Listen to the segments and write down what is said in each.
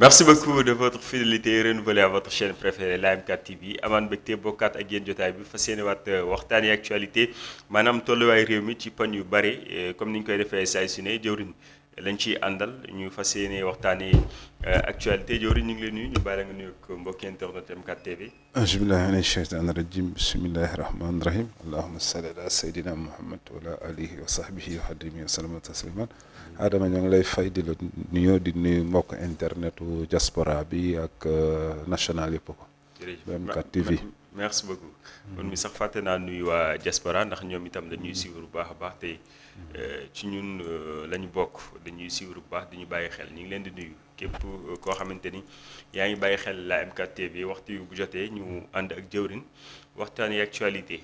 merci beaucoup de votre fidélité renouvelée à votre chaîne préférée la M4 TV amaan mbégte bokkaat ak yéen jotaay bi fas yéene waat yi euh, actualité maanaam tolluwaay réew mi ci pañ yu bari euh, comme ni ñu koy defee saay su ne jëwriñ lañ ciy àndal ñu fas yéene waxtaanee euh, actualité Diori ñu ngi lay nuyu ñu bàyyi nga nuyu ak mbokki internet M4 TV. auzu billahi mina shaytaani rajim bismillahi rahmaani rahim allahumma salli ala sayyidina muhammad wa ala alihi wa sahbihi wa xadimihi wa sallama tasliman Adama ñoo ngi lay fay di la nuyoo di nuyu mbokk internetu diaspora bi ak euh, national yëpp ko. M4 TV merci beaucoup. Mm-hmm. mi sax fàtte naa nuyu waa diaspora ndax ñoom itam dañuy suivre bu baax a baax tey. Euh, ci ñun euh, lañu bokk dañuy suivre bu baax dañu bàyyi xel ñu ngi leen di nuyu képp euh, koo xamante ni yaa ngi bàyyi xel la M4 TV waxtu yu bu jotee ñu ànd ak jëwrin waxtaan yi actualité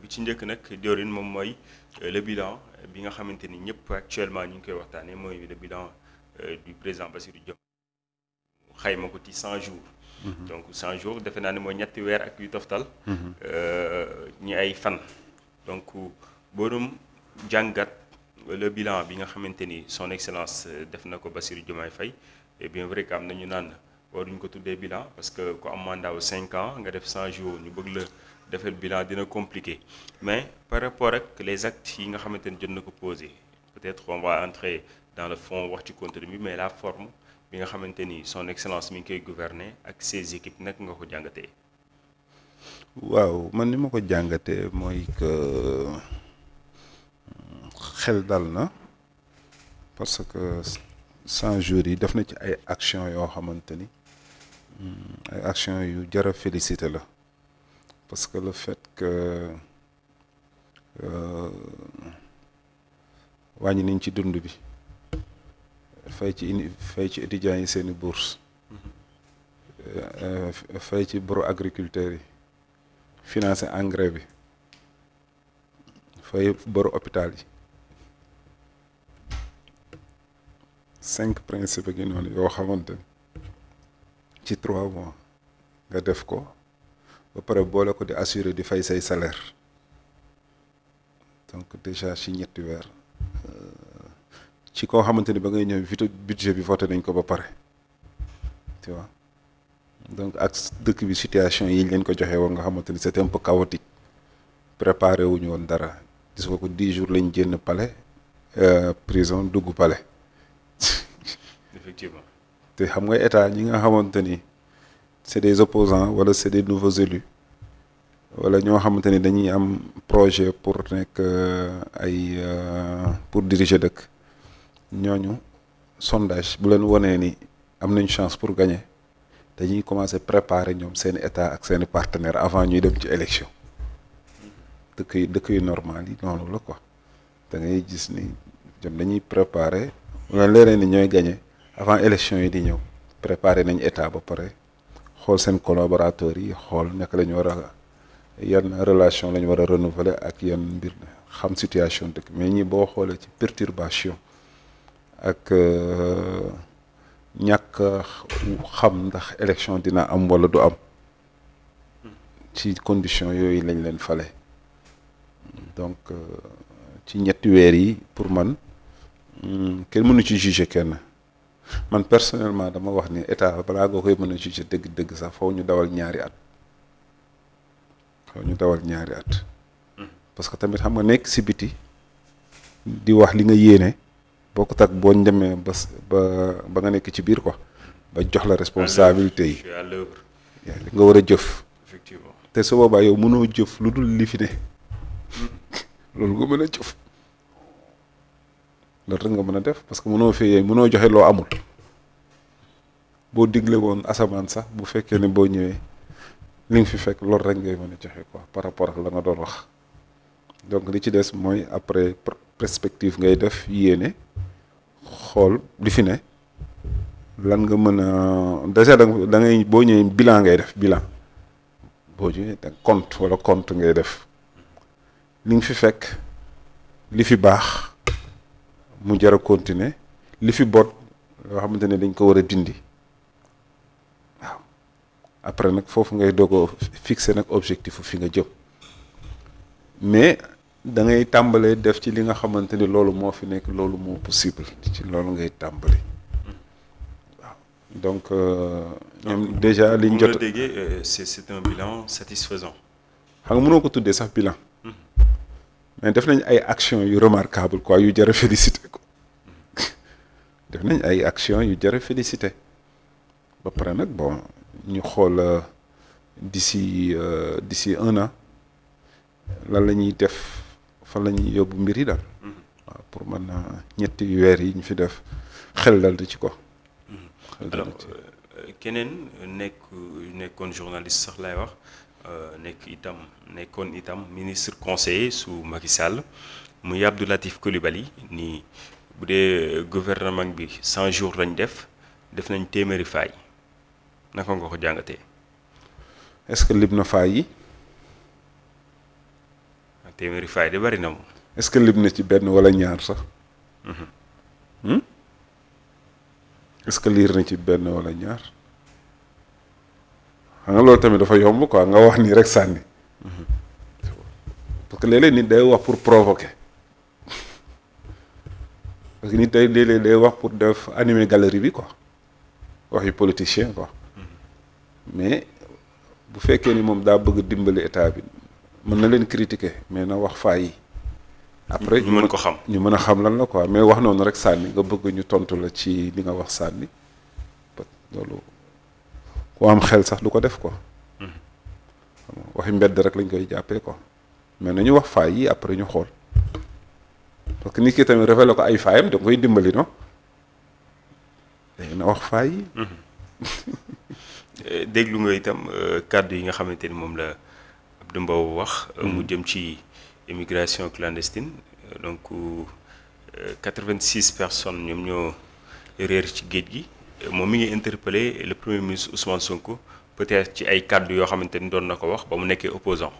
bi ci njëkk nag jëwrin moom mooy le bilan bi nga xamante ni ñëpp actuellement ñu ngi koy waxtaanee mooy le bilan du ba Bassirou Diomaye xayma ko ci 100 jours. Mm-hmm. donc 100 defe naa ne mooy ñetti weer ak yu toftal. Mm-hmm. ñi ay fan donc boroom jàngat le bilan bi nga xamante ni son excellence euh, def na ko Bassirou Diomaye Faye et bien vrai que am na ñu naan waruñu ko tuddee bilan parce que ku am mandat wu 5 ans nga def 100 jours ñu bëgg la defal bilan dina compliqué mais par rapport ak les actes yi nga xamante ni jot na ko posé peut-être on va entrer le fond wax ci contenu bi mais la forme bi nga xamante ni son excellence mi ngi koy gouverner ak ses équipes nag nga ko jàngatee. waaw man ni ma ko jàngatee mooy que. xel dal na parce que cent jours yi def na ci ay action yoo xamante ni ay action yu jar a félicité la parce que le fait que euh, wàññi niñ ci dund bi fay ci uni fay ci étudiants yi seeni bourse euh, euh, fay ci boru agriculteurs yi financer engrais bi fay boru hôpital yi cinq principe gi noonu yoo xamante ci trois mois nga def ko ba pare boole ko di assuré di fay say salaire donc déjà ci ñetti weer euh, ci koo xamante ni ba ngay ñëw vite budget bi voté nañ ko ba pare tu vois donc ak dëkk bi situation yi ñu ko joxe woon nga xamante ni c'était un peu chaotique préparé wuñu woon dara gis ko di jours lañ génn palais euh, prison dugg pale effectivement te xam nga état ñi nga xamante ni c'est des opposants wala c'est des nouveaux élus wala ñoo xamante ni dañuy am projet pour nekk euh, ay euh, pour diriger dëkk ñooñu sondage bu leen wanee ni am nañ chance pour gagner dañuy commencer préparer ñoom seen état ak seeni partenaires avant ñuy dem ci élection dëkk yu dëkk yu normal yi noonu la ko da gis ni ñoom dañuy préparer wala leneen ni ñooy gañe avant élection yi di ñëw préparer nañ état ba pare xool seen collaborateurs yi xool naka lañu ñu war a yan relation la ñu war a renouveler ak yan mbir xam situation dëkk mais ñi boo xoolee ci perturbation ak euh, ñàkk xam ndax élection dina am wala du am ci condition yooyu lañ leen fale donc euh, ci ñetti weer yi pour man hmm, kenn mënu ci juger kenn man personnellement dama wax ni état balaa nga koy mën a juger dëgg-dëgg sax faw ñu dawal ñaari at faw ñu dawal ñaari at parce que tamit xam nga nekk si biti di wax li nga yéene bokkut ak boo demee ba ba ba nga nekk ci biir ko ba jox la responsabilité yi nga war a jëf effectivement te su boobaa yow mënoo jëf lu dul li fi ne hmm. loolu nga mën a jëf loolu rek nga mën a def parce que mënoo fee mënoo joxe loo amul boo digle woon asamaan sax bu fekkee ne boo ñëwee li nga fi fekk loolu rek ngay mën a joxe quoi par ak la nga doon wax donc li ci des mooy après perspective ngay def yéene xool li fi ne lan nga mën a déjà da boo ñëwee bilan ngay def bilan boo ñëwee da compte walla compte ngay def li nga fi fekk li fi baax. mu jar a li fi boot loo xamante ne dañ ko war a dindi waaw après nag foofu ngay doog a nag objectif fi nga jëm mais da ngay tàmbalee def ci li nga xamante ni loolu moo fi nekk loolu moo possible ci loolu ngay tàmbali waaw donc euh, ñoom déjà liñ jot déggee euh, c'est un bilan satisfaisant xam nga mënoo ko tuddee sax bilan mais def nañ ay action yu remarquable quoi yu jar a félicité ko def nañ ay action yu jar a félicité ba pare nag bon ñu xool euh, d'ici euh, d'ici un na lan la ñuy def fan la ñuy yóbbu mbir yi daal mm-hmm. waaw pour man euh, ñetti weer yi ñu fi def xel dal di ci ko mm-hmm. xel keneen nekk nekkoon journaliste sax lay wax Euh, nekk itam nekkoon itam ministre conseil su Macky Sall muy Abdou Latif Coulibaly nii bu dee gouvernement bi 100 jours lañ def def nañ téeméeri faay naka nga ko jàngatee. est-ce que lib na faay yi. Ah, téeméeri faay de bari na moom. est-ce que lib na ci benn wala ñaar sax. Mhm. Hmm? est-ce que liir na ci benn wala ñaar. xam nga loolu tamit dafa yomb quoi nga wax nii rek sànni parce que léeg-léeg nit day wax pour provoquer parce que nit day léeg day wax pour def animer galerie bi quoi wax yu politicien quoi mais bu fekkee ni moom daa bëgg dimbali état bi mën na leen critiquer mais na wax faa yi après ñu mën ko xam ñu mën a xam lan la quoi mais wax noonu rek sànni nga bëgg ñu tontu la ci li nga wax sànni loolu ku am xel sax du ko def ko mm-hmm. waxi mbedd rek lañ koy jàppee quoi mais ñu wax faay yi après ñu xool parce que nit ki tamit révélé ko ay faayam da koy dimbali no léegi na wax faay yi mm-hmm. eh, déglu nga itam euh, kàddu yi nga xamante ni moom la Abdou Mbow wax euh, mu mm-hmm. jëm ci immigration clandestine euh, donc 86 personnes ñoom ñoo réer ci géej gi moom mi ngi interpellé le premier ministre Ousmane Sonko peut-être ci ay kàddu yoo xamante ni doon na ko wax ba mu nekkee opposant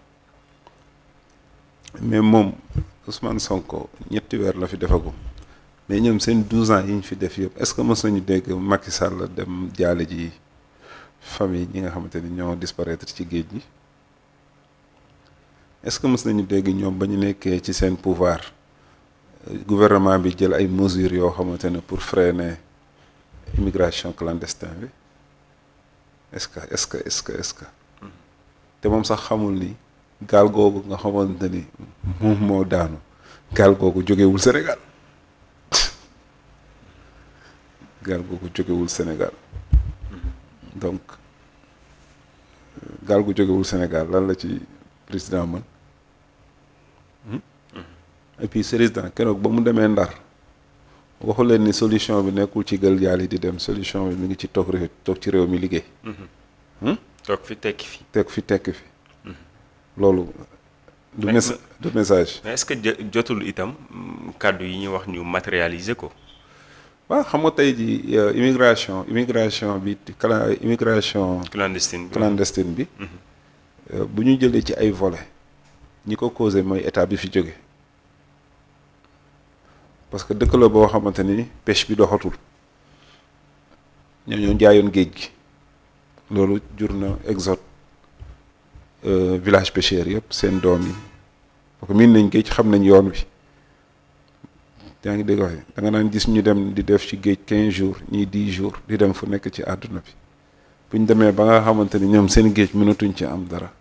mais moom Ousmane Sonko ñetti weer la fi defagu mais ñoom seen douze ans yi ñu fi def yëpp est-ce que mos nañu dégg Macky Sall dem jaale ji famille ñi nga xamante ni ñoo disparaître ci géej gi est-ce que mos nañu dégg ñoom ba ñu nekkee ci seen pouvoir gouvernement bi jël ay mesures yoo xamante ne pour freiner. immigration clandestine bi est-ce que est-ce que est-ce que est te moom sax xamul ni gaal googu nga te ni moom moo daanu gaal googu jógewul Sénégal gaal googu jógewul Sénégal donc gaal gu jógewul Sénégal lan la ci président man hmm? et puis président keroog ba mu demee Ndar waxu leen ni solution bi nekkul ci gël gaal yi di dem solution bi mu ngi ci toog réew toog ci réew mi liggéey. Mm-hmm. Hmm? toog fi tekk fi. toog fi tekki fi. Mm-hmm. loolu. du message du message. ce que jotul itam kàddu yi ñuy wax ñu matérialiser ko. waaw xam nga tey jii euh, immigration immigration bi cala immigration. clandestine bi clandestine bi. Mm-hmm. Euh, bu ñu jëlee ci ay vole ñi ko causé mooy état bi fi jóge parce que dëkk la boo xamante ni peche bi doxatul ñoom ñoo njaayoon géej gi loolu jur na exode euh, village pêcheurs yëpp seen doom yi parce que miin nañ géej xam nañ yoon wi yaa ngi dégg waxee danga nga naan gis ñu dem di def ci géej quinze jours ñii di jours di dem fu nekk ci àdduna bi bu demee ba nga xamante ni ñoom seen géej mënatuñ ci am dara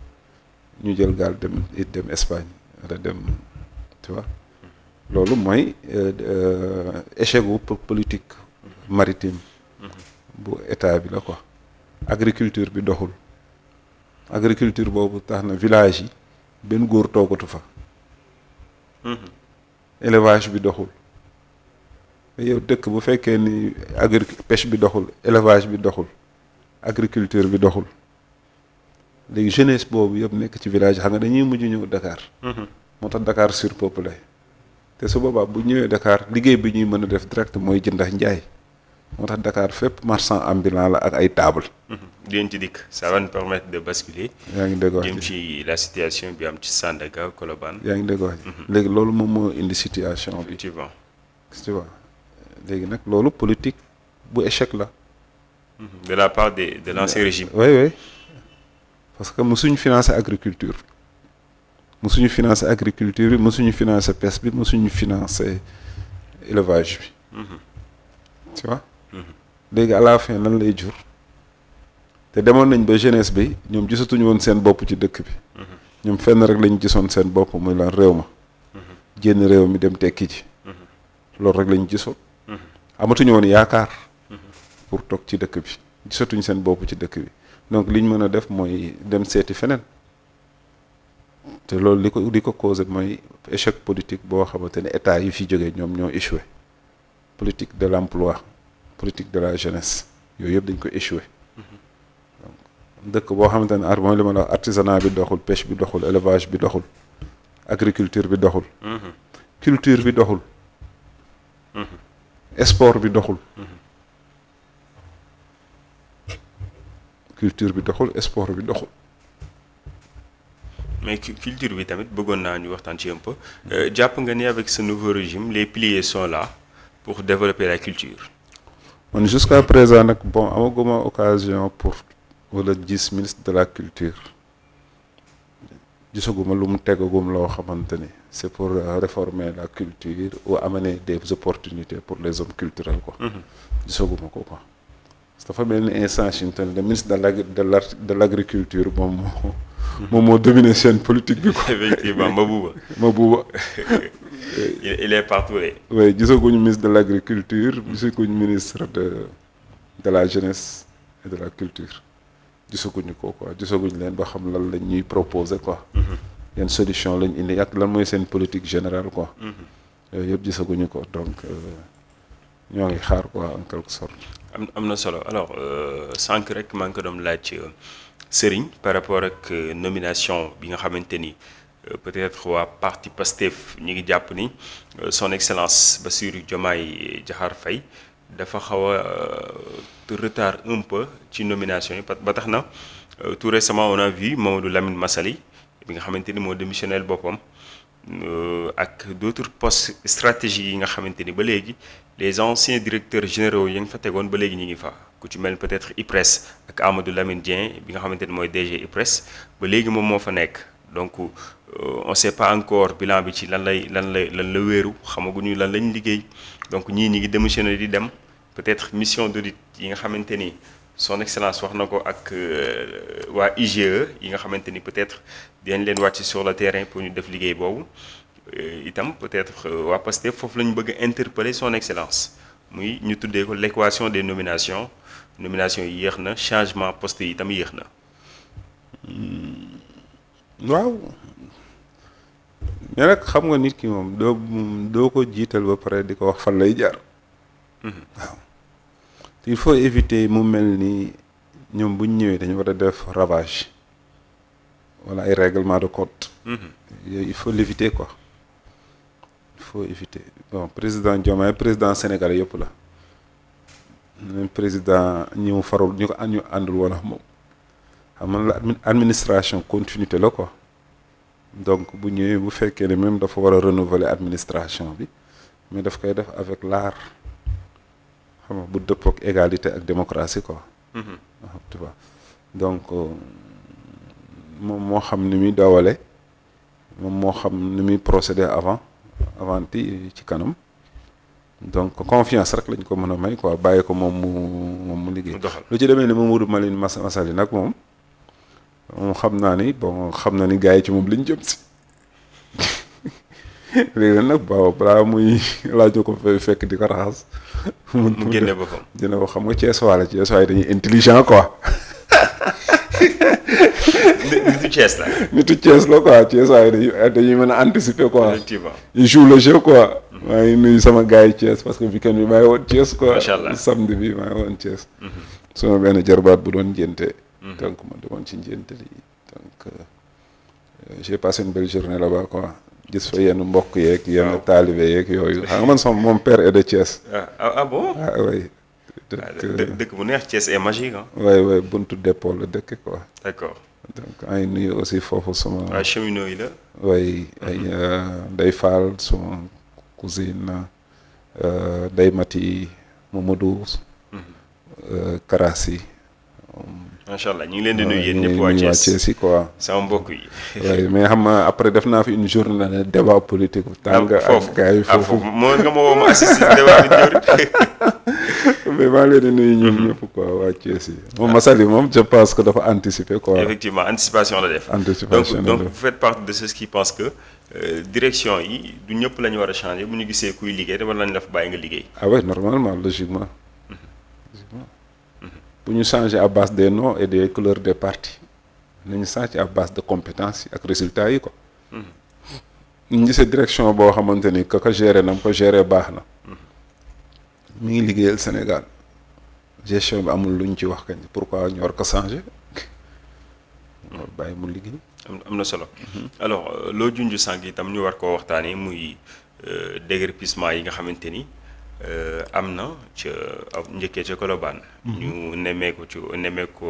ñu jël gaal dem it dem Espagne wala dem tu loolu mooy euh, euh, échec gu politique maritime bu état bi la ko agriculture bi doxul agriculture boobu tax na village yi benn góor toogatu fa mm-hmm. élevage bi doxul yow dëkk bu fekkee ni agri bi doxul élevage bi doxul agriculture bi doxul léegi jeunesse boobu yëpp nekk ci village xam nga dañuy mujj ñëw Dakar mm-hmm. moo tax Dakar surpeuplé te su boobaa bu ñëwee dakaar liggéey bi ñuy mën a def direct mooy jënd ak njaay moo tax dakaar fépp marchand ambulant la ak ay table. Mm-hmm. di ci dikk ça va nous permettre de yaa ngi dégg wax jëm la situation bi am ci Sandaga Colobane. yaa ngi dégg mm-hmm. léegi loolu moom moo indi situation bi. effectivement tu vois léegi nag loolu politique bu échec la. Mm-hmm. de la part de de l'ancien régime. oui oui parce que mosuñ financer agriculture. mësuñu financer agriculture bi mësuñu financer pêche bi mësuñu finance élevage bi. Mhm. tu mhm. léegi à fin lan lay jur. te demoon nañ ba jeunesse bi ñoom gisatuñu woon seen bopp ci dëkk bi. Mhm. ñoom fenn rek lañ gisoon seen bopp muy lan réew ma. génn réew mi dem tekki ji. loolu rek lañ gisoon. amatuñu woon yaakaar. pour toog ci dëkk bi gisatuñ seen bopp ci dëkk bi donc liñ mën a def mooy dem seeti feneen. te loolu li ko li ko causé mooy échec politique boo xamante ne état yi fi jógee ñoom ñoo échoué politique de l'emploi politique de la jeunesse yooyu yëpp dañ ko échoué mhm. dëkk boo xamante ne ar mooy li artisanat bi doxul pêche bi doxul élevage bi doxul agriculture bi doxul mhm. mhm. culture bi doxul sport bi doxul culture bi doxul sport bi doxul mais culture bi tamit bëggoon naa ñu waxtaan ci un euh, jàpp nga ni avec ce nouveau régime les piliers sont là pour développer la culture. man jusqu'à présent nag bon amaguma occasion pour wala gis ministre de la culture gisaguma lu mu tegagum loo xamante ni c'est pour euh, réformer la culture ou amener des opportunités pour les hommes culturels quoi. Mm-hmm. gisaguma ko quoi. dafa mel ni instant le ministre de l'agri de l'agriculture moom moo. moom moo dominé scène politique bi ma effectivement Mabouba. Mabouba. il est partout de. oui gisaguñu ministre de l' agriculture gisaguñu ministre de la jeunesse et de la culture gisaguñu ko quoi gisaguñu leen ba xam lan lañ ñuy proposer quoi. Mm-hmm. yan solution lañ indi ak lan mooy seen politique général quoi. Mm-hmm. yooyu yëpp gisaguñu ko donc euh, ñoo ngi xaar quoi en quelque sorte. am am na solo alors euh, sànq rek maa ngi ko doon laaj ci euh, Serigne par rapport ak euh, nomination bi nga xamante ni euh, peut-être waa parti Pastef ñu ngi jàpp ni euh, son excellence Bassirou Diomaye Diakhar Faye dafa xaw a retard un peu ci nomination yi ba tax na tout sama on a vu Mamadou Lamine Massaly bi nga xamante ni moo démissionnel boppam Euh, ak d' post postes yi nga xamante ni ba léegi les anciens directeurs généraux yi nga fa tegoon ba léegi ñu ngi fa ku ci mel peut-être IPRES ak Amadou Lamine Dieng bi nga xamante ni mooy DG IPRES ba léegi moom moo fa nekk donc euh, on sait pas encore bilan bi ci lan lay lan lay lan la wéeru xamaguñu lan lañ liggéey donc ñii ñi ngi démissionné di dem peut-être mission d'audit yi nga xamante nii son excellence wax na ko ak euh, waa IGE yi nga xamante ni peut-être dinañ leen wàcc sur le terrain pour ñu def liggéey boobu euh, itam peut-être euh, waa Pastef foofu la ñu bëgg a interpeller son excellence muy ñu tuddee ko l'équation des nominations nomination yi yéex na changement poste yi itam yéex na. Hmm, waaw mais nag xam nga nit ki moom doo doo ko jiital ba pare di ko wax fan lay jaar mhm. il faut éviter mu mel nii ñoom bu ñëwee dañu war a def ravage wala ay règlement de compte. Mhm. yooyu il faut l'éviter quoi il faut éviter bon président Diomaye président sénégalais yëpp la même président ñu farul ñu ko ñu àndul woon moom xam la administration continuité la ko donc bu ñëwee bu fekkee ne même dafa war a renouveler administration bi mais daf koy def avec laar xam nga bu dëppook égalité ak démocratie quoi mm-hmm. donc euh, moom moo xam ni muy dawale moom moo xam ni muy procéder avant avant ci kanam donc confiance rek lañ ko mën a may ko moom mu moom mu liggéey lu ci demee ni Mamadou Maline Mas Masali nag moom moom xam naa ni bon xam na ni gars yi ci moom lañ jëm si léegi nag waaw balaa muy laajoo ko fekk di ko raxas. mu génne boppam ko xam nga Cees waa la Cees waa yi dañuy intelligent quoi. nitu Cees la. nitu Cees la quoi Cees waa yi dañuy mën a anticiper quoi. effectivement il joue le jeu quoi. maa ngi nuyu sama gars yi Cees parce que weekend bi maa ngi woon Cees quoi. macha allah samedi bi woon Cees. Mhm. benn jarbaat bu doon ngénte. Mhm. donc ma demoon ci ngénte li donc euh, j'ai passé une belle journée là-bas quoi. gis fa yenn mbokk yeeg yenn taalibe yeeg yooyu xam nga man sama moom père est de Thiès. ah, ah, ah bon ah, bu neex Thiès est magique ah. oui oui buntu dépôt la dëkk quoi. d' donc ay nuyu aussi foofu suma. waaw cheminot yi la. oui ay mhm. euh, Ndeye Fall suma cousine euh, Ndeye Mati Mamadou. Mhm. Euh, macha allah ñu ngi leen di nuyu yéen ñëpp waa Thiès yi quoi sama mbokk yi. mais xam après def naa fi une journée de débat politique. tàng ah, ak gars yi ah, foofu moo nga ma woo nuyu ñoom mhm. ñëpp quoi waa Thiès yi. moom Massaly moom je pense que dafa anticiper quoi. effectivement anticipation la def. anticipation donc donc vous faites partie de ceux qui pensent que. Euh, direction yi du ñëpp la ñu war a changer bu ñu gisee kuy liggéey dama lañ la fa bàyyi nga liggéey. ah ouais normalement logiquement. bu ñu changer à base des noms et des couleurs des partis nañu changer à base de compétence yi ak résultat yi ko ñu gisee direction boo xamante ni ka ko gérer na ko gérer baax na mu mm-hmm. ngi liggéeyal Sénégal gestion bi amul lu ñu ci wax kañ pourquoi ñu war ko changer bàyyi mu liggéey. am na solo. Mm-hmm. alors euh, loo junj sànq itam ñu war koo waxtaanee muy euh, déguerpissement yi nga xamante ni. Euh, am na ca njëkkee ca kolobaan mhm. ñu nemmeeku ci nemmeeku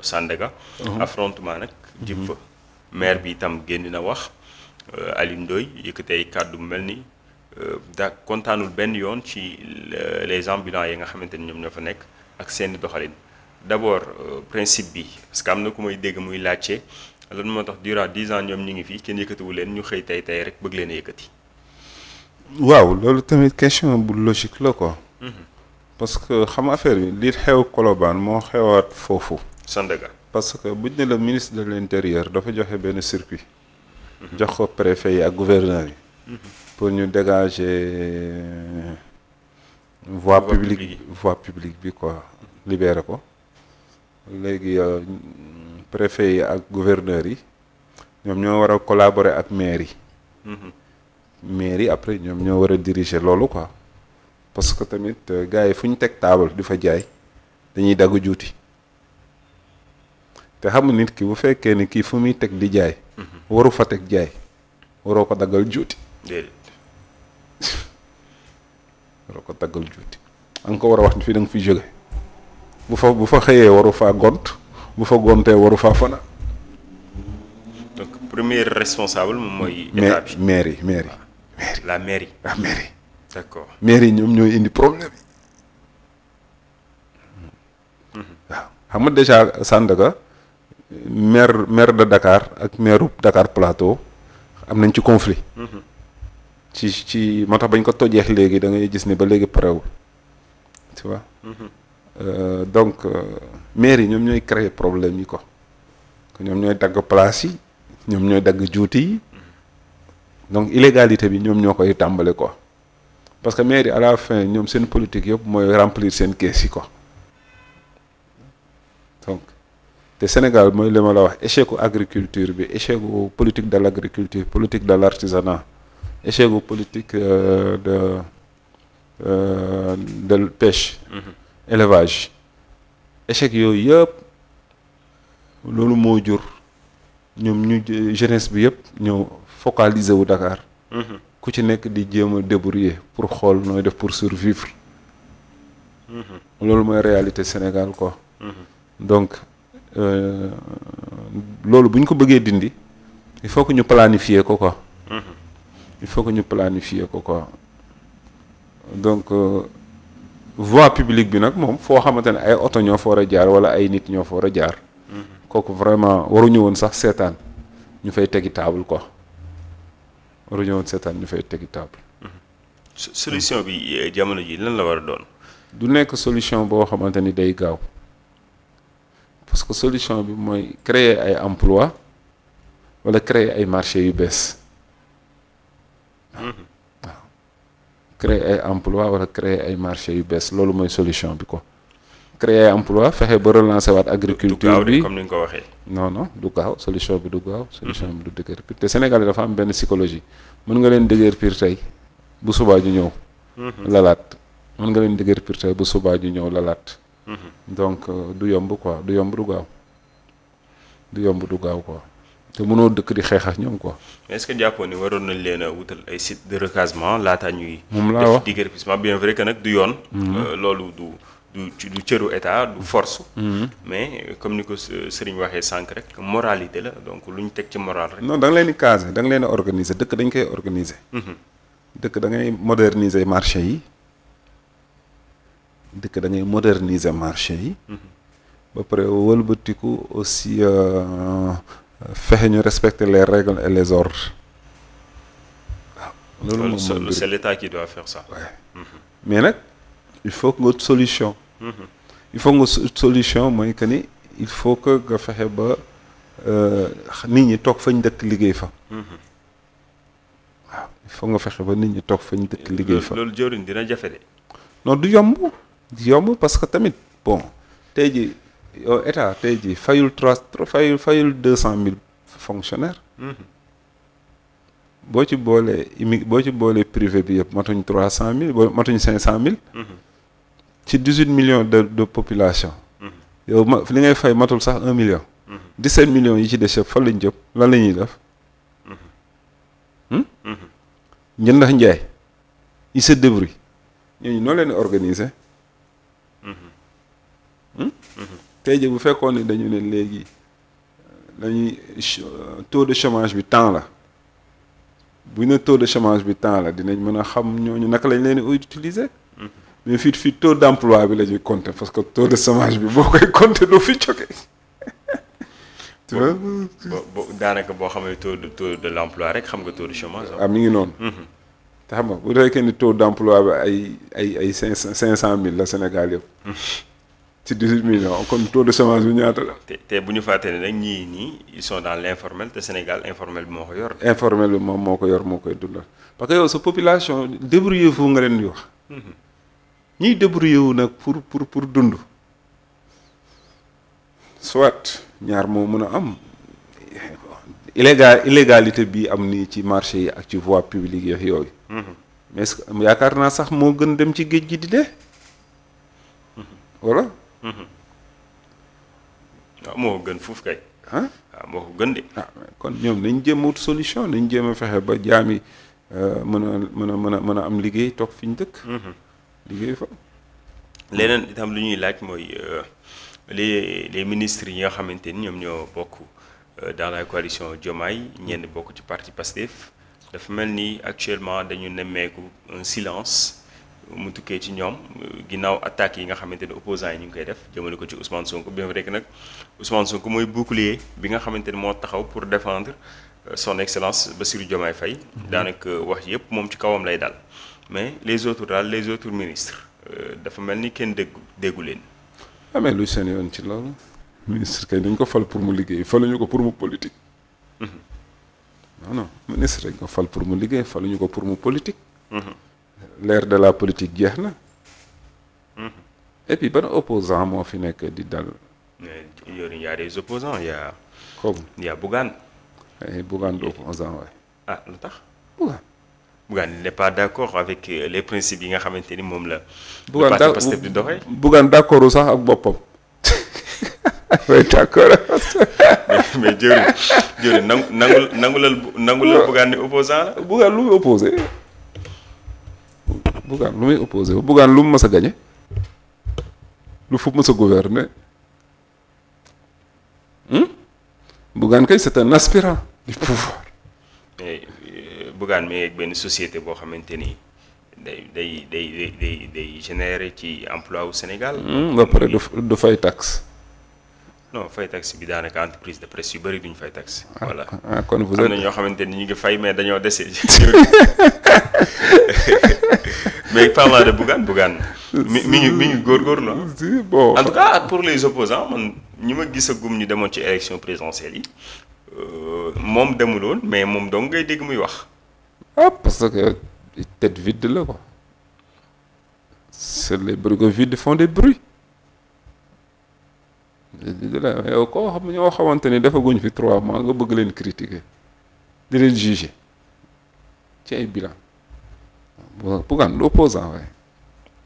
Sandaga mhm. affrontement nag jib fa mhm. maire bi itam génn na wax euh, Aliou Ndoye yëkkatey kàddu mel ni euh, daa kontaanul benn yoon ci les ambulants yi nga xamante ni ñoom ñoo fa nekk ak seeni doxalin d'abord principe bi parce que am na ku may dégg muy laajte lan moo tax durant dix ans ñoom ñu ngi fii kenn yëkkatiwu leen ñu xëy tey tey rek bëgg leen a yëkkati waaw loolu tamit question bu logique la ko mm-hmm. parce que xam affaire bi li xew Colobane moo xewaat foofu. Sandaga parce que buñ ne la ministre de l' intérieur dafa joxe benn circuit. Mm-hmm. jox ko préfet yi ak gouverneur yi. Mm-hmm. pour ñu dégager euh, voie publique voie publique bi quoi libéré ko léegi euh, préfet yi ak gouverneur yi ñoom ñoo war a collaborer ak maire yi. mairie après ñoom ñoo war a diriger loolu quoi parce que tamit euh, gars yi fu ñu teg taabal di fa jaay dañuy dagg juuti te xam nit ki bu fekkee ni kii fu muy teg di jaay. Mhm. waru fa teg jaay waroo ko daggal juuti. déedéet waroo ko daggal juuti. an ko war a wax ni fii da fu fi jóge bu fa bu fa xëyee waru faa gont bu fa gontee waru faa fana responsable moom mooy. état bi mairie mairie. mairie la mairie. la mairie. d'accord mairie ñoom ñooy indi problème yi. Hmm. waaw xam nga déjà Sandaga maire maire de Dakar ak maire dakaar Plateau am nañ ci conflit. Hmm. ci ci moo tax bañ ko tojeex léegi da ngay gis ni ba léegi parewul tu hmm. euh, donc euh, maire yi ñoom ñooy créer problème yi ko ñoom ñooy dagg place yi ñoom ñooy dagg juuti yi. donc illégalité bi ñoom ñoo koy tàmbale ko parce que mairie à la fin ñoom seen politique yëpp mooy remplir seen kees yi ko donc te Sénégal mooy li ma la wax échec agriculture bi échec u politique de l' agriculture politique de l' artisanat échec u politique euh, de euh, de pêche mm-hmm. élevage échec yooyu yëpp loolu moo jur ñoom ñu jeunesse bi yëpp ñëw focaliser wu Dakar. Mhm. ku ci nekk di jéem a débrouiller pour xool nooy def pour survivre. Mhm. loolu mooy réalité Sénégal quoi. Mhm. donc euh, loolu bu ñu ko bëggee dindi il faut que ñu planifier ko ko il faut que ñu planifier ko quoi donc euh, voie publique bi nag moom foo xamante ne ay oto ñoo fa war a jaar wala ay nit ñoo fa war a jaar. kooku vraiment waruñu woon sax seetaan ñu fay tegi table quoi. waru ñëwoon seetaan ñu fay tegi table. solution bi eh, jamono ji lan la war a doon. du nekk solution boo xamante ni day gaaw parce que solution bi mooy créer ay emploi wala créer ay marché yu bees. Mm-hmm. waaw créer ay emploi wala créer ay marché yu bees loolu mooy solution bi ko créer emploi fexe ba relancer waat agriculture bi comme ni nga ko waxee. non non du gaaw solution bi du gaaw. solution mhm. bi du dëgër pire te Sénégal dafa am benn psychologie mën nga leen dëgër pire mhm. tey bu subaa ñu ñëw. lalaat mën nga leen dëgër pire tey bu subaa ñu ñëw lalaat. donc euh, du yomb quoi du yomb du gaaw du yomb du gaaw quoi. te mënoo dëkk di xeex ak ko quoi. mais ce que jàppoon ni waroon nañ leen a wutal ay site de recasement laata ñuy. moom laa wax def bien vrai que nag du yoon. Mhm. Euh, loolu du. du du cëru état du force. Mhm. mais comme ni ko sëriñ waxee sànq rek moralité la donc lu ñu teg ci moral rek. non da nga leen di caser da nga leen di organiser dëkk dañ koy organiser. Mhm. dëkk da ngay moderniser marché yi dëkk da ngay moderniser marché yi. Mhm. ba pare wëlbatiku aussi euh, euh, fexe ñu respecter les règles et les ordres. waaw loolu moom c'est l'état qui doit faire ça. mais nag il faut que nga solution. il faut nga solution mooy que ni il faut que nga fexe ba euh, nit ñi toog fañ dëkk liggéey fa. waaw il faut nga fexe ba nit ñi toog fañ dëkk liggéey fa. loolu jëriñ dina jafe de. non du yomb du yomb parce que tamit bon tey ji yow tey ji fayul trois fayul fayul deux cent mille fonctionnaire mhm. boo ci boolee immi boo ci boolee privé bi yëpp matuñ trois cent mille boo matuñ cinq cent mille. Mhm. ci dix huit million de de population. Mhm. yow ma li ngay fay matul sax un million. Mhm. dix sept million yi ci des yëpp fan lañ jëm lan la ñuy def. Mhm. Hmm? njëndax njaay il se débrouille ñooñu noo leen di organiser. Hmm? tey jii bu fekkoon ne dañu ne léegi dañuy taux de chômage bi temps la bu ne taux de chômage bi temps la dinañ mën a xam ñooñu naka lañ leen di utiliser. mais fii fii taux d' emploi bi la ñuy parce que taux de chômage bi boo koy compter doo fi jóge. tu vois boo daanaka boo xam ne taux de taux de l' emploi nga taux de chômage. Ah, mi ngi noonu. Mm-hmm. te xam nga bu fekkee ni taux d' emploi bi ay ay ay cinq cent cinq cent mille la Sénégal yëpp. Mm-hmm. ci dix huit millions kon taux de chômage bi ñaata la. te te bu ñu fàtte ne nag ñii nii ils sont dans informel te Sénégal informel bi moo ko yor. informel bi moom moo ko yor moo koy dundal parce que yow sa population débrouillez ñuy débrouillé wu nag pour pour pour dund soit ñaar moo mën a am illégal illégalité bi am ni ci marché yi ak ci voie publique yeex yooyu mm-hmm. mais est-ce que yaakaar naa sax moo gën dem ci géej gi di dee voilà waaw mm-hmm. ah, moo gën fuuf kay ah, moo ko gën de ah, kon ñoom nañ jéem wut solution nañ jéem a fexe ba jaami euh, mën a mën a mën a mën a am liggéey toog fi ñu dëkk mm-hmm. liggéey fa. leneen itam lu ñuy laaj mooy euh, les les ministres yi nga xamante ni ñoom ñoo bokk euh, dans la coalition Diomaye ñenn bokk ci parti Pastef dafa mel ni actuellement dañu nemmeeku un silence. mu tukkee ci ñoom ginnaaw attaques yi nga xamante ne opposants yi ñu ngi koy def jëmale ko ci Ousmane Sonko bien vrai que nag Ousmane Sonko mooy bouclier bi nga xamante ne moo taxaw pour defendre euh, son excellence Bassirou Diomaye Faye mhm. daanaka wax yëpp moom ci kawam lay dal mais les autres daal les autres ministres euh, dafa mel ni kenn déggu déggu leen. amee ah, lu seen yoon ci loolu. ministre kay dañ ko fal pour mu liggéey faluñu ko pour mu politique. Mhm. non ko fal pour mu liggéey faluñu ko pour mu politique. Mhm. l'ère de la politique jeex na. Mhm. et puis ban opposant moo fi nekk di dal. yooyu y a des opposants y a. comme y a Bougane. Eh, ay opposant waay. Ah, lu tax Bougane n'est pas d'accord euh, les principes yi nga xamante ni moom la. Bougane daa Bougane d'accord sax ak boppam. oui d'accord. mais jërëjëf jërëjëf nangu nangu nangulal nangulal lu muy opposé Bougane lu muy opposé Bougane lu mu mës a gañe lu fu mës a gouverner hmm? Bougane kay c'est un aspirant du pouvoir. Bougane mais benn société boo xamante ni day day day day day ci emploi au Sénégal. Hmm, ba pare du fay taxe. no fay taxe bi daanaka entreprise de presse yu bëri duñ fay taxe. Ah, voilà ah, ah, kon vous am na ñoo xamante ni ñu ngi fay mais dañoo dese. mais parlant de Bougane Bougane. mi mi ngi mi ngi góorgóorlu bon en tout cas pour les opposants man ñi ma gis a gum ñu demoon ci élection présidentielle yi euh, moom demuloon mais moom donc ngay dégg muy wax. ah parce que tête vide la quoi c'est les bruits vides font des bruits yow koo xam ñoo xamante ni defaguñ fi trois mois nga bëgg leen critiquer di leen juger ci ay bilan Bougane du opposant waaye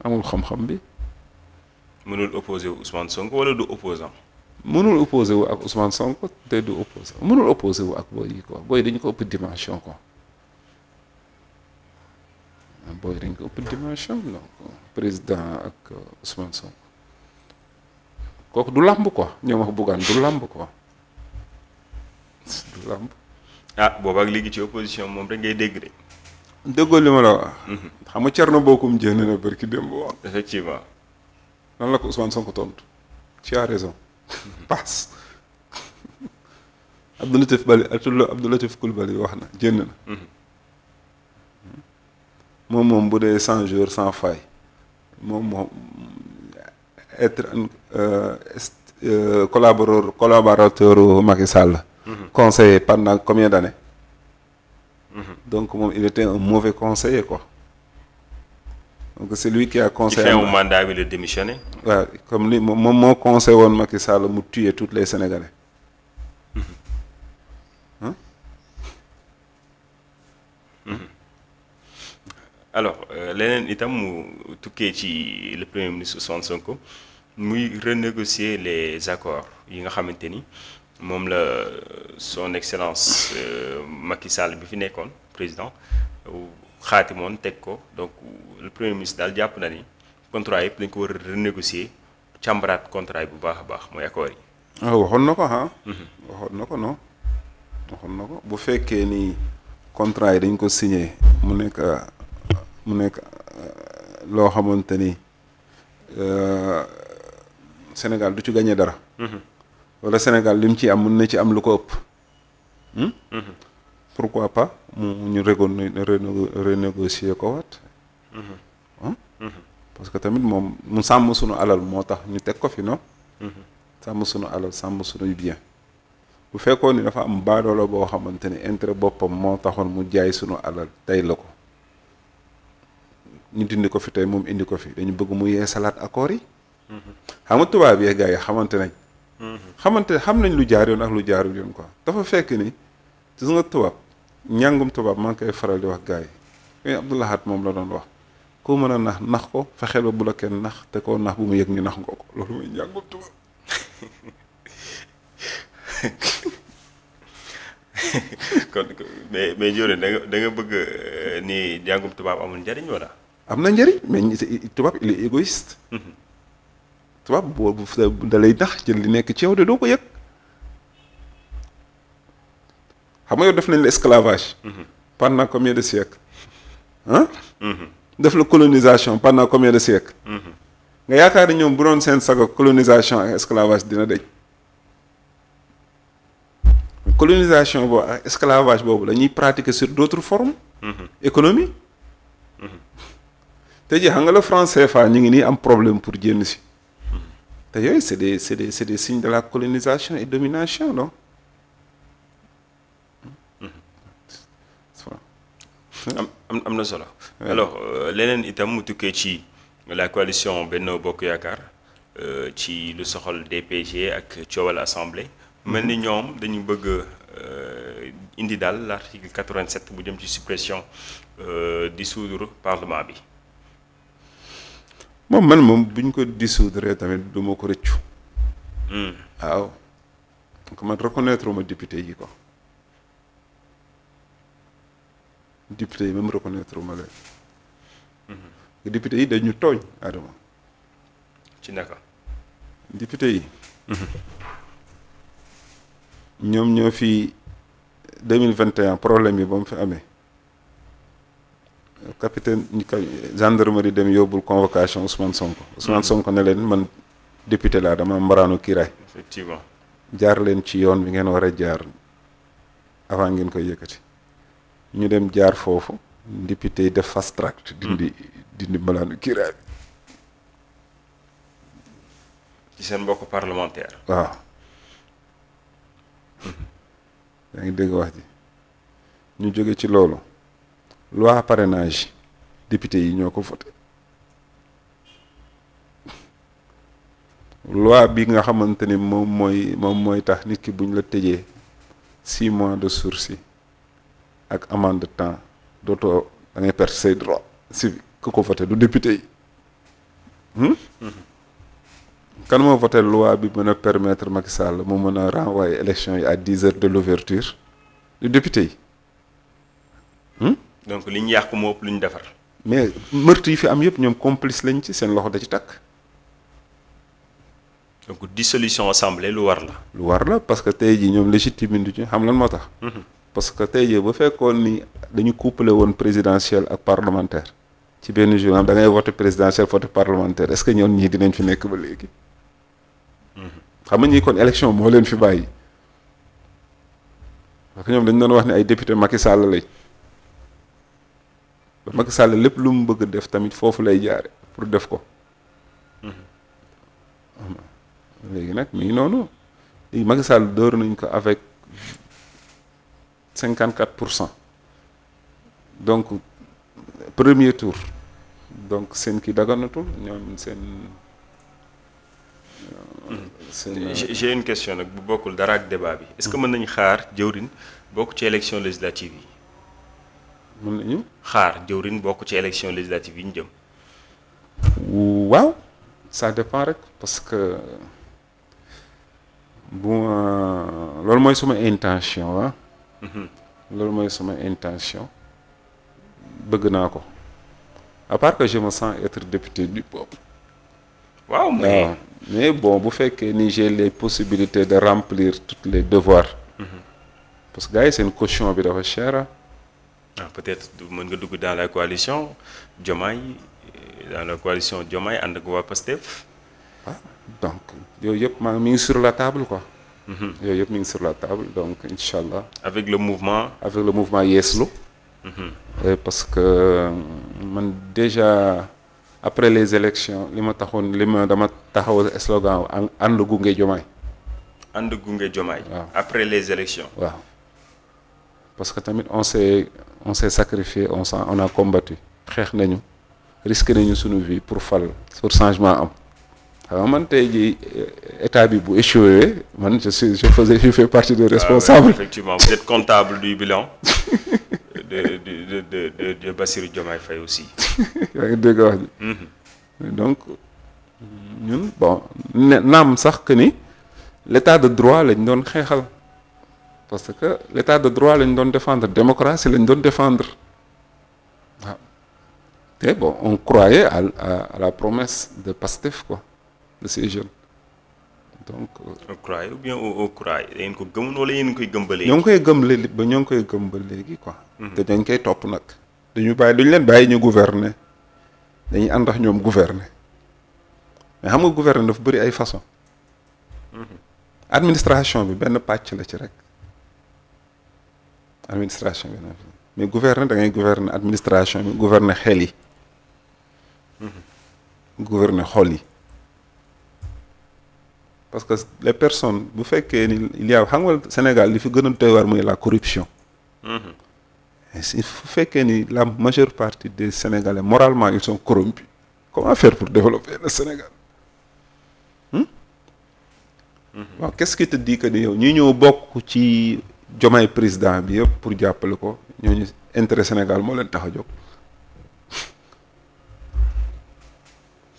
amul xam-xam bi mënul opposé wu Ousmane Sonko wala du opposant mënul opposé wu ak Ousmane Sonko te du opposant mënul opposé wu ak booy yi quoi booy dañu ko ëpp dimension quoi booy dañ ko ëpp dimension président ak euh, Ousmane Sonko kooku du làmb quoi ñoom wax buggaan du làmb quoi du làmb ah boobu ak léegi ci opposition moom rek ngay dégg de. dëggoo li ma la wax. Mhm. xam nga Thierno Bocoum jéem na barki démb wax. effectivement. lan la ko Ousmane Sonko tontu. tu as raison. Mhm. passe. Abdou Latif Bali Abdou wax na jéem mhm. na. moom moom bu dee cent jours sans faille moom moom être un euh, euh, collaborateur collaborateur Macky Sall la mhm. conseiller pendant combien mhm. donc moom il était un mauvais conseiller quoi donc c'est lui qui a conseillé. fin mandat bi la démissionné. waaw comme li moom moo conseillé woon Macky Sall mu tuer toutes les Sénégalais. alors euh, leneen itam mu tukkee ci le premier ministre Ousmane Sonko muy renégocier les accords yi nga xamante ni moom la son excellence euh, Macky Sall bi fi nekkoon président xaatimoon teg ko donc le premier ministre daal jàpp na ni contrat yëpp dañ ko war a renégocier càmbaraat contrat yi bu baax a baax mooy accords yi. ah na ko ah. Mhm. waxoon na ko non waxoon na ko bu fekkee nii contrat yi dañ ko signé mu nekk. Euh, mu nekk euh, loo xamante ni euh, Sénégal du ci gagné dara. Mhm. wala Sénégal lim ci am mun na ci am lu ko ëpp. Hmm? Mhm. pourquoi pa mu ñu renégocier ko waat. Mhm. parce que tamit moom mu sàmm sunu alal moo tax ñu teg ko fi non. sàmm sunu alal sàmm sunu bien. bu fekkoon ni dafa am baadoolo boo xamante ni intérêt boppam moo taxoon mu jaay sunu alal tey la ko. ñu dindi ko fi tey moom indi ko fi dañu bëgg mu yee salaat accords yi. tubaab yee gars yi xamante nañ. xamante xam nañ lu jaar yoon ak lu jaarul yoon ko dafa fekk ni gis nga tubaab njàngum tubaab maa ngi koy faral di wax gars yi yooyu eh, Abdoulahat moom la doon wax ku mën a nax nax ko fexeel ba bu la nax te koo nax bu mu yëg ni nax nga ko loolu mooy ñàngum tubaab. kon mais mais Ndiol da nga da eh, ni jàngum tubaab amul njariñ am na njëriñ mais tubaab il est égoïste. tubaab boobu da lay tax jël li nekk ci yow de doo ko yëg. xam nga yow def nañ la esclavage. pendant combien de siècles ah. def la colonisation pendant combien de siècles. nga yaakaar ni ñoom bu doon seen sago colonisation ak esclavage dina deñ colonisation boobu ak boobu la ñuy pratiquer sur d' autres économie. te jii xam nga la franc CFA ñu ngi nii am problème pour génn si hmm. te yooyu c'est des c'est des c'est de la colonisation et domination non hmm. Hmm. am am na solo alors euh, leneen itam mu tukkee ci la coalition Benno Bokk Yaakaar euh, ci lu soxal DPG ak coowal assemblée mel ni ñoom dañu bëgg euh, indi daal l'article 87 bu jëm ci suppression dissoudre parlement bi moom man moom bu ñu ko dissoudre tamit du ma ko rëccu. Hmm. waaw donc man reconnaître ma député yi ko député yi même reconnaître ma hmm. député yi dañu tooñ Adama. ci naka. député yi. Hmm. ñoom ñoo fi deux mille vingt et problème yi ba mu fi amee. capitaine gendarmerie dem yóbbul convocation Ousmane Sonko. Ousmane hmm. Sonko ne leen man député laa dama mbaraanu kiiraay. effectivement jaar leen ci yoon bi ngeen war a jaar avant ngeen koy yëkkati ñu dem jaar foofu député yi def fast track. Hmm. dindi dindi mbaraanu kiiraay bi. ci seen mbokk parlementaire. waaw hmm. yaa ngi dégg wax ji ñu jóge ci loolu. loi parrainage député yi ñoo ko voté loi bi nga xamante ni moom mooy moom mooy tax nit ki buñ la tëjee six mois de sursis ak amende temps dootoo da ngay perte say droit civique ku ko voté du député yi hmm? mm moo voté loi bi mën a permettre Macky Sall mu mën a renvoyer élection yi ak dix heures de l'ouverture du député yi hmm? donc li ñu yàq moo ëpp lu ñu defar. mais meurtre yi fi am yëpp ñoom complice lañ ci seen loxo da ci takk. donc dissolution assemblée lu war la. lu war la parce que tey ji ñoom légitime du ci xam lan moo tax. Mhm. parce que tey jii ba fekkoon ni dañu couplé woon présidentiel ak parlementaire. ci benn jour am ngay voté présidentiel voté parlementaire que ñoom ñii dinañ fi nekk ba léegi. Mhm. xam nga ñi kon élection moo leen fi bàyyi. parce que ñoom dañ doon wax ne ay député Macky Sall lañ. Macky Sall lépp lu mu bëgg def tamit foofu lay jaare pour def ko mhm. léegi nag mi ngi noonu léegi Macky Sall dóor nañ ko avec cinquante quatre pour cent donc premier tour donc seen kii daganatul ñoom seen mhm. j'ai une question nag bu bokkul dara ak debaa bi est-ce que mhm. mën nañu xaar jëwrin bokk ci élection législative yi mun nañu xaar jëw jëwrin bokk ci élection législative yi ñu jëm. waaw ça dépend rek parce que bu euh, loolu mooy suma intention ah. loolu mooy suma intention bëgg naa ko à part que je me sens être député du peuple. waaw mais bon bu fekkee ni j'ai les possibilité de remplir toutes les devoirs. Mhm. parce que gars seen caution bi dafa cher ah peut nga dugg dans la coalition Diomaye euh, dans la coalition Diomaye ànd ak waa Pastef. Ah, donc yooyu yëpp maa mi ngi sur la table quoi. Mhm. yooyu yëpp mi ngi sur la table donc incha allah. avec le mouvement. avec le mouvement Yeeslu. Mhm. parce que euh, man déjà après les élections li ma taxoon li ma dama taxawal slogan ànd gunge Diomaye. ànd gunge Diomaye. waaw après les élections. waaw parce que tamit on s'est on s'est sacrifié on s'en on a combattu xeex nañu risqué nañu suñu vie pour fal pour changement am xam man tey jii euh, état bi bu échoué man je suis je faisais je fais partie des ah responsables. effectivement vous êtes comptable du bilan. de de de de aussi. yaa mhm. donc ñun bon naam sax que ni l'état de droit lañ doon xeexal. parce que l'état de droit lañu doon défendre démocratie lañ doon défendre waaw ah. te bon on croyait à, la promesse de Pastef quoi de ces jeunes donc. Euh, on croyait ou bien on croyait da ko gëm wala yéen koy gëm ñoo ngi koy gëm léegi ba ñoo ngi koy gëm léegi quoi. Mhm. te dañ koy topp nag. dañu bàyyi dañu leen bàyyi ñu gouverner dañuy ànd ak ñoom gouverner mais xam nga gouverner daf bëri ay façon mhm. administration bi benn pàcc la ci rek. administration bi mais gouverner da ngay gouverner administration bi gouverner xel yi gouverner xol yi parce que les personnes bu fekkee ni il y a xam nga Sénégal li fi gën a doy waar mooy la corruption si bu fekkee ni la majeure partie des Sénégalais moralement ils sont corrompus comment faire pour développer le Sénégal hmm? waaw qu'est-ce qui te dit yow ñi ñëw bokk ci jomaay président bi yëpp pour jàppale ko ñooñu intérêt Sénégal moo leen tax a jóg.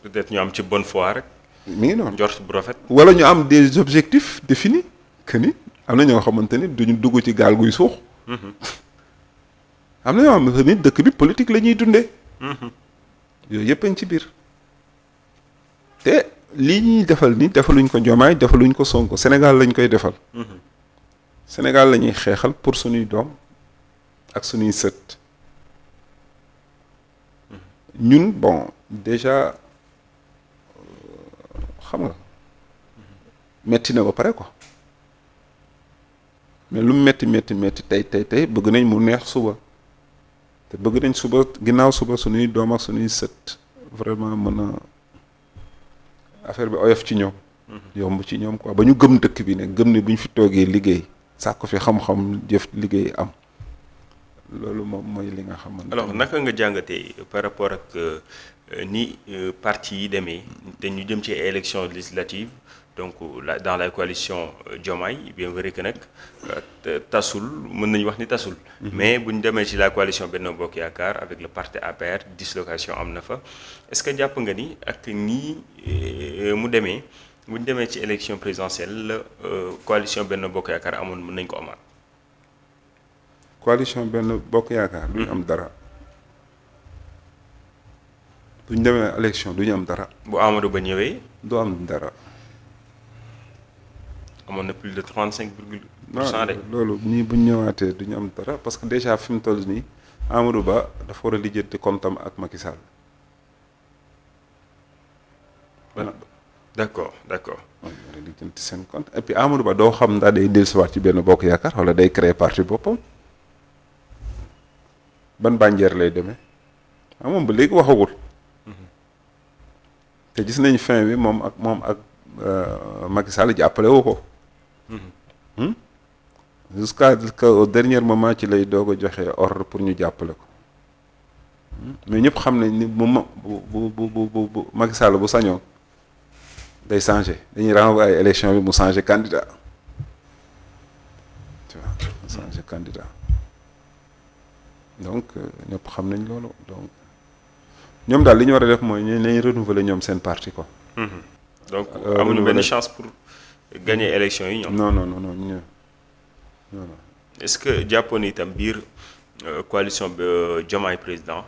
peut-être ñu am ci bonne foi rek. mi ngi noonu njort bu rafet. wala ñu am des objectifs définis que ni am na ñoo xamante ni duñu dugg ci gaal guy suux. Mhm. am na ñoo xamante ni dëkk bi politique la ñuy dundee. Mhm. yooyu yëpp a ci biir. te lii ñuy defal ni defaluñ ko Diomaye defaluñ ko sonk Sénégal lañ koy defal. Mhm. Sénégal lañuy xeexal pour suñuy doom ak suñuy sët ñun bon déjà euh, xam nga metti na ba pare ko mais lu metti metti metti tey tey tey bëgg nañ mu neex suba te bëgg nañ suba ginnaaw suba suñuy doom ak suñuy sët vraiment mën a affaire bi oyof ci ñoom. Mm-hmm. yomb ci ñoom quoi ba ñu gëm dëkk bi ne gëm ne bu ñu fi toogee liggéey. sàkku fi xam-xam jëf liggéey am loolu moom mooy li nga xamante alors naka nga jàngatee par rapport ak euh, ni euh, parti yi demee te ñu jëm ci élection législative donc dans la coalition euh, Diomaye bien vrai que nag tasul mën nañu wax ni tasul mhm. mais bu ñu demee ci la coalition benn Bokk Yaakaar avec le parti APR dislocation am na fa est-ce que jàpp nga ni ak nii mu demee bu ñu demee ci élection présidentielle euh, coalition benn bokk yaakaar amoon mën nañ ko amaat. coalition benn bokk yaakaar. duñ hmm. am dara. bu ñu demee élection duñu am dara. bu Amadou Ba ñëwee. du am dara. amoon na plus de trente cinq virgule pour cent loolu nii bu ñu du duñu am dara parce que déjà fi mu toll nii Amadou Ba dafa war a lijjanti comptam ak Macky Sall. d' accord d' accord. seen compte et puis Ba doo xam ndax day dellusiwaat ci benn bokk yaakaar wala day créer parti boppam ban bànjeer lay demee ah moom ba léegi waxagul. Mm-hmm. te gis nañ fin bi moom ak moom ak euh, Macky Sall jàppale wu ko. Mm-hmm. Hmm? jusqu'à au dernier moment ci lay doog a joxe ordre pour ñu jàppale ko hmm? mais ñëpp xam nañ ni bu ma bu bu bu bu Macky bu sañoon. day changé dañuy renvoyer ay élection bi mu changé candidat tu vois donc euh, ñëpp xam nañ loolu donc ñoom daal li ñu war a def mooy ñu nañ renouveler ñoom seen parti ko mm-hmm. donc euh, amuñu benn chance pour gagner élection yi ñoom. non non non non non non. est-ce que jàppoon itam biir euh, coalition bi Diomaye président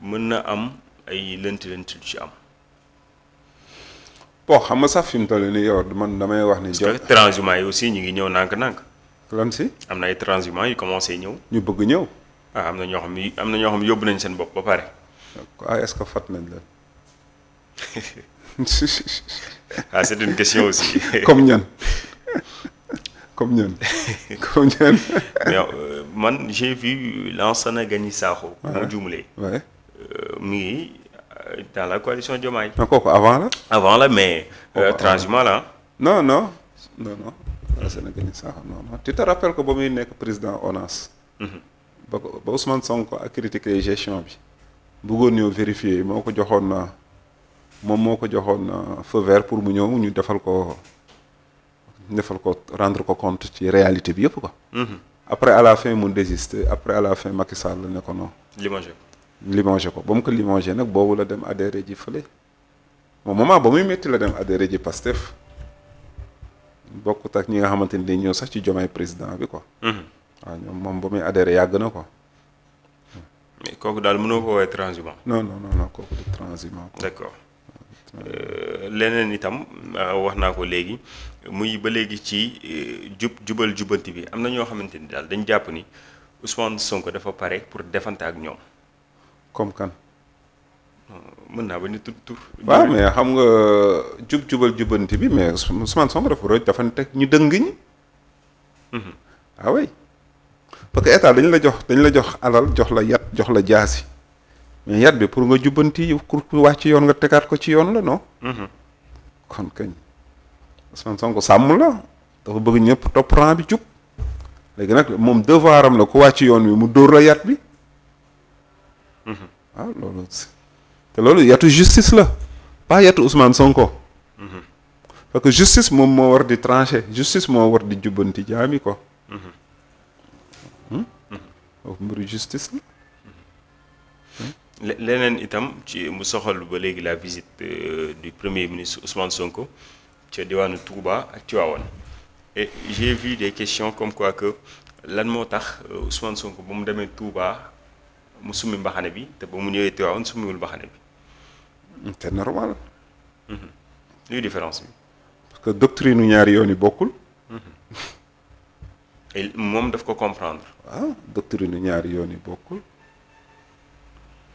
mën na am ay lënt-lënt ci am. bon xam nga sax fi mu toll nii yow man damay wax ni. parce que transhumants yi aussi ñu ngi ñëw nànk-nànk. lan am na ay transhumants yu commencé ñëw. ñu bëgg ñëw. ah am na ñoo xam am na ñoo xam yóbbu nañ seen bopp ba pare. ah est-ce que fat nañ leen. ah c'est une question aussi. comme ñan comme ñan comme ñan. Euh, man j'ai vu Lansana Gagny Sakho. waaw mu jumelé. Euh, dans la coalition Diomaye. non kooku avant la. avant la mais. Oh, euh, ah, transhumant la ah. non non non non. Ah, non non tu te ba muy nekk président ONAS. Mhm. ba ko ba Ousmane Sonko a critiqué gestion bi. bëggoon ñëw vérifier moo ko joxoon na moom moo ko joxoon feu vert pour mu ñëw ñu defal ko defal ko rendre ko compte ci réalité bi yëpp quoi. Mhm. après à la fin mu désiste après à la fin Macky Sall ne ko non. limogé limogé ko ba mu ko limogé nag boobu la dem adhéré ji fële moom moment ba muy metti la dem adhéré ji Pastef bokk ak ñi nga xamante ni ñëw sax ci jomaay président bi ko mhm. waaw ñoom moom ba muy adhéré yàgg na ko. kooku daal mënoo ko woowee transhumant. non non non kooku du transhumant. d'accord euh, leneen itam euh, wax naa ko léegi muy ba léegi ci euh, jub jubal jubanti bi am na ñoo xamante ni daal dañ jàpp ni Ousmane Sonko dafa pare pour defante ak ñoom. comme kan. Euh, mën naa bañ a tur tur. waaw mais xam nga jub jubal jubanti bi mais Ousmane Sonko dafa roj dafa teg ñu dëng ñi. Mhm. ah parce que état dañ la jox dañ la jox alal jox la yat jox la jaasi mais yat bi pour nga jubbanti pour wàcc ci yoon nga tegaat ko ci yoon la non. Mhm. kon kañ Ousmane Sonko sàmm la dafa bëgg ñëpp topp rang bi jub léegi nag moom devoiram la ku wàcc yoon wi mu dóor la yat bi. Mm-hmm. ah loolu te loolu yatu justice la pas yatu Ousmane Sonko. Mm-hmm. parce que justice moom moo war di tranché justice moo war di jubbanti jaami ko. waaw mm-hmm. hmm? leneen itam ci mu soxal ba léegi la visite euh, du premier ministre Ousmane Sonko ca diwaanu Touba ak Tivaouane et j'ai vu des questions comme quoi que lan moo tax euh, Ousmane Sonko ba mu demee Touba mu summi mbaxane bi te ba mu ñëwee Tiwaawan summiwul mbaxane bi. te normal. Mhm. luy différence bi. parce que doctrine nu ñaari yoon yi bokkul. Mhm. moom daf ko comprendre. waaw ah, doctrine nu ñaari yoon yi bokkul.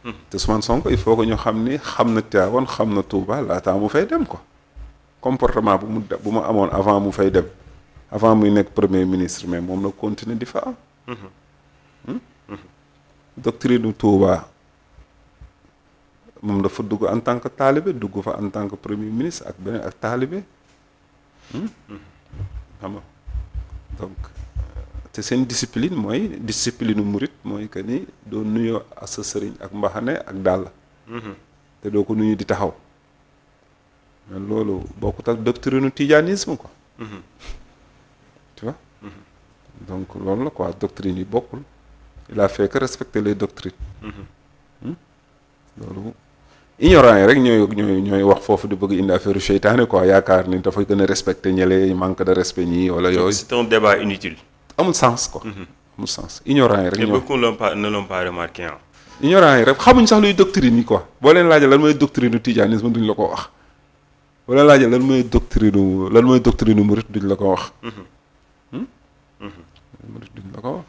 Mhm. te Ousmane Sonko il faut que ñu xam ni xam na Tiwaawan xam na Touba temps mu fay dem ko comportement bu mu bu mu amoon avant mu fay dem avant muy nekk premier ministre mais moom la continuer di fa am. doctrine Touba moom dafa dugg en tant que taalibe dugg fa en tant que premier ministre ak beneen ak taalibe hmm? xam donc te seen discipline mooy discipline murit mooy que ni doo nuyoo ak sa sëriñ ak mbaxane ak dàll hmm. te doo ko nuyu di taxaw mais loolu bokkut ak doctrine tijanisme quoi hmm. donc loolu la quoi doctrine yi bokkul il a fait que respecter les doctrines. Mhm. Hmm? loolu ignorant yi rek ñooy ñooy ñooy wax foofu di bëgg indi affaire seytaane quoi yaakaar ni dafay gën a respecter ñële manque de respect ñii wala yooyu. c'est un débat inutile. amul sens quoi. Mhm. amul sens ignorant yi rek. ñoo beaucoup l'ont pas ne l'ont rek xamuñ sax luy doctrine yi quoi boo leen laajee lan mooy doctrine du tijanisme duñ la ko wax boo leen laajee lan mooy doctrine lan mooy doctrine murit duñ la mhm. Hmm? duñ la ko wax.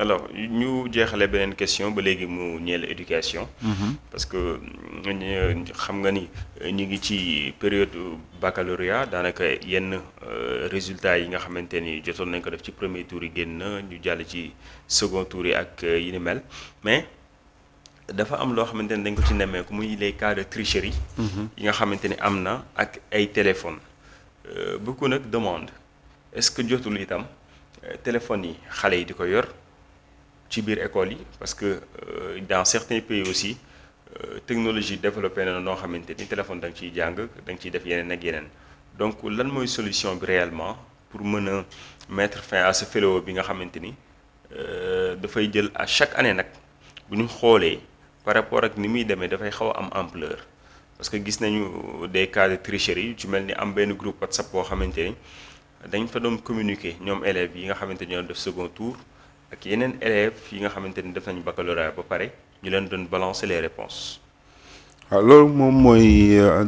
alors ñu jeexale beneen question ba léegi mu ñeel éducation. Mhm. parce que euh, xam nga ni euh, ñu ngi ci période baccalauréat daanaka yenn euh, résultat yi nga xamante ni jotoon nañ ko def ci premier tour yi génn ñu jàll ci second tour yi ak yi ni mel mais dafa am loo xamante ni dañ ko ci nemmeeku muy les cas de tricherie. Mhm. yi nga xamante ni am na ak ay téléphone téléphones ko nag demande est-ce que jotul itam téléphones yi xale yi di ko yor. ci biir école yi parce que euh, dans certains pays aussi euh, technologie développé na noo xamante ni téléphone da nga ciy jàng da nga def yeneen ak yeneen donc lan mooy solution bi réellement pour mën a mettre fin à ce fléau bi nga xamante ni euh, dafay jël à chaque année nag bu ñu xoolee par rapport ak ni muy demee dafay xaw a am ampleur parce que gis nañu des cas de tricherie yu ci mel ni am benn groupe WhatsApp boo xamante ni dañ fa doon communiquer ñoom élèves yi nga xamante ni ñoo def second tour ak yeneen élèves yi nga xamante ni def nañu baccalauréat ba pare ñu leen doon balancer les réponses waaw loolu moom mooy euh,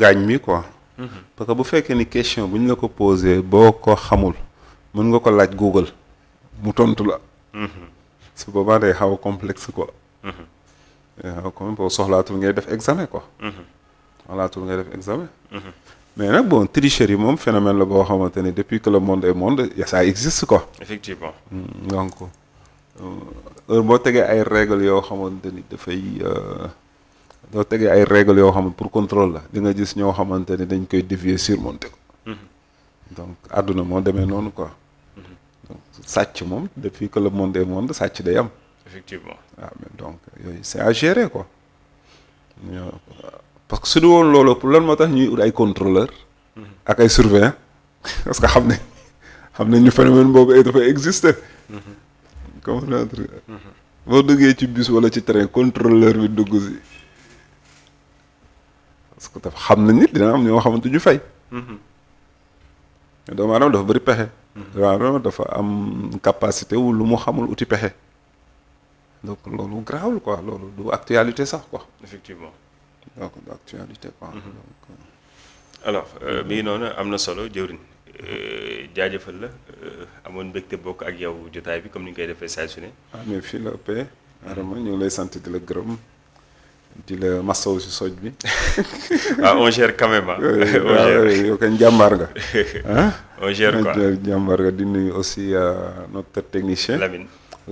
ngaañ mi quoi. Mhm. parce que bu fekkee ni question bu ñu la ko posé boo ko xamul mën nga ko laaj Google mu tontu la. Mhm. su boobaa day xaw a complexe quoi. waaw comme boo soxlaatul ngay def examen ko mhm. soxlaatul ngay def examen. mais nag bon yi moom phénomène la boo xamante ne depuis que le monde est monde ça existe quoi. effectivement. Hmm, donc euh, heure boo tegee ay règles yoo xamante ni dafay euh, doo tegee ay règles yoo xamante pour contrôle la di nga gis ñoo xamante ni dañ koy dévier surmonter ko. Mm-hmm. donc àdduna moo demee noonu ko mm-hmm. sàcc moom depuis que le monde est monde sàcc day am. effectivement waaw ah, mais donc yooyu c'est à gérer quoi. parce que su du woon loolu pour lan moo tax ñuy ut ay contrôleur mm-hmm. ak ay surveillant parce que xam ne nañ ñu phénomène boobu dafa exister mm-hmm. comprendre mm-hmm. boo duggee ci bus wala ci train contrôleur bi dugg si parce dafa xam nañ nit dina am ñoo xamante ñu fay doomu aadama dafa bëri pexe dafa am capacité wu lu mu xamul uti pexe donc loolu garaawul quoi loolu du actualité sax quoi Mhm. donc d'actualité euh. quoi. Euh, noonu am na solo jëwriñ euh, jaajëfal la amoon mbégte bokk ak yow jotaay bi comme ni ñu koy defee saa su ne. ah mais la ëppee. Arama ñu ngi lay sant di la gërëm. di la masaw si soj bi. Ah, on gère quand ah. on gère yow kañ jàmbaar nga. ah on gère jàmbaar nga di nuyu aussi notre technicien. Lamine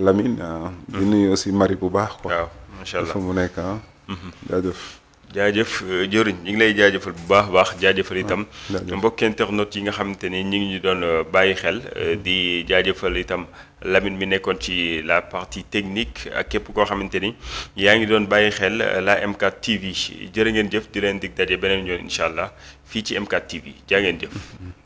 Lamine. Ah. di mhm. nuyu aussi Marie bu baax quoi. waaw macha dafa mu nekk ah. jaajëf jëriñ euh, ñi ngi lay jaajëfal bu baax baax jaajëfal itam ah, mbokk internet yi nga xamante ni ñu ngi doon euh, bàyyi xel euh, mm-hmm. di jaajëfal itam Lamine mi nekkoon ci la partie technique ak képp koo xamante ni yaa ngi doon bàyyi xel la M4 TV jërë ngeen jëf di leen dig daje beneen yoon incha allah fii ci M4 TV jaa ngeen jëf mm-hmm.